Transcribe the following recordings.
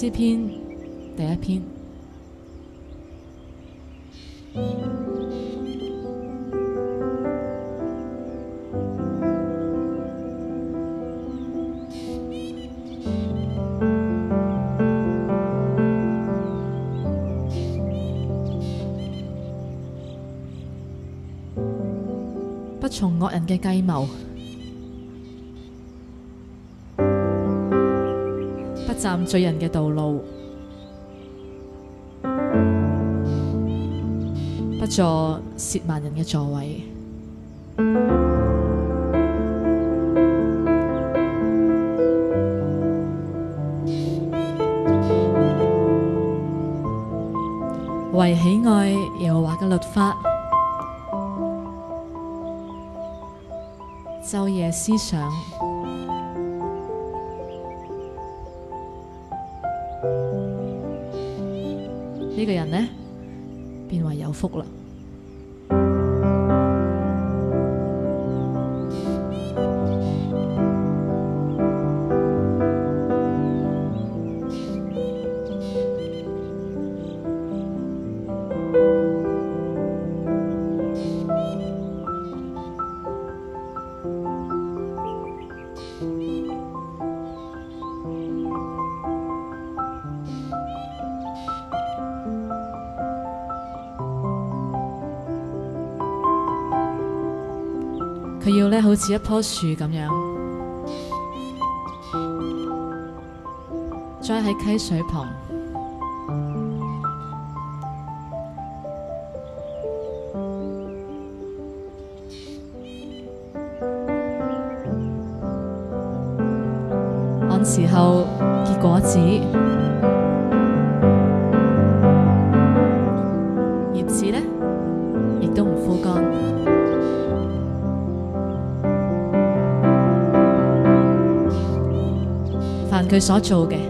詩篇第一篇，不從惡人嘅計謀。不站罪人嘅道路，不坐褻慢人嘅座位，為喜愛耶和華嘅律法，晝夜思想。呢個人呢，變為有福啦！佢要呢好似一棵樹咁樣栽喺溪水旁， 按時候結果子，葉子呢亦都唔枯乾。佢所做嘅。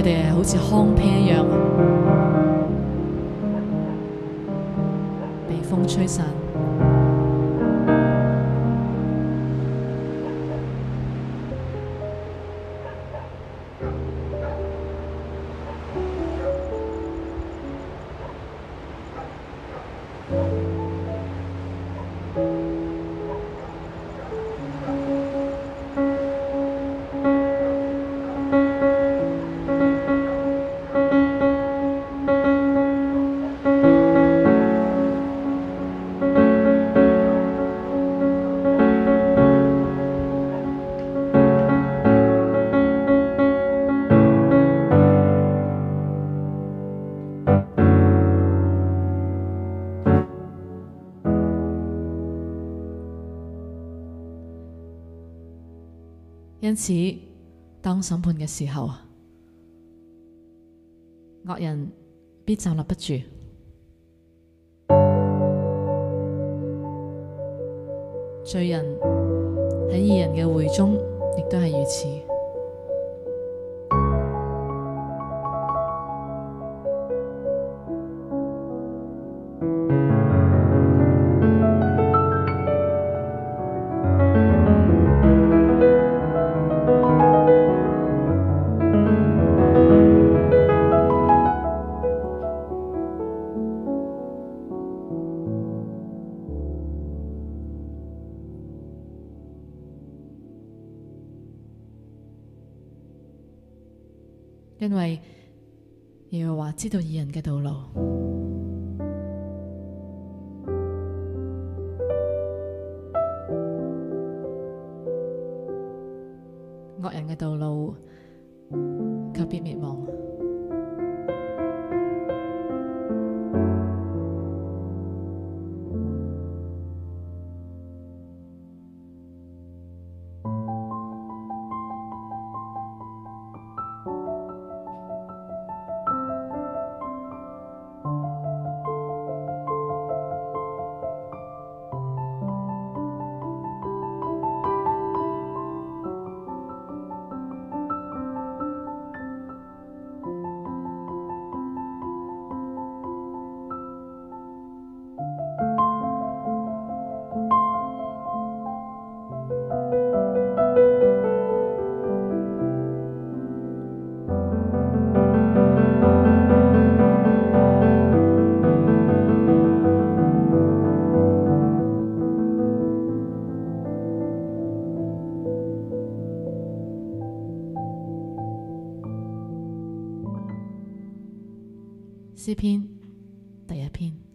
佢哋係好似糠秕一樣，啊，被風吹散。因此，當審判嘅時候，惡人必站立不住；罪人喺義人嘅會中，亦都係如此。因為，耶和華知道義人嘅道路，惡人嘅道路，卻必滅亡。詩篇第一篇。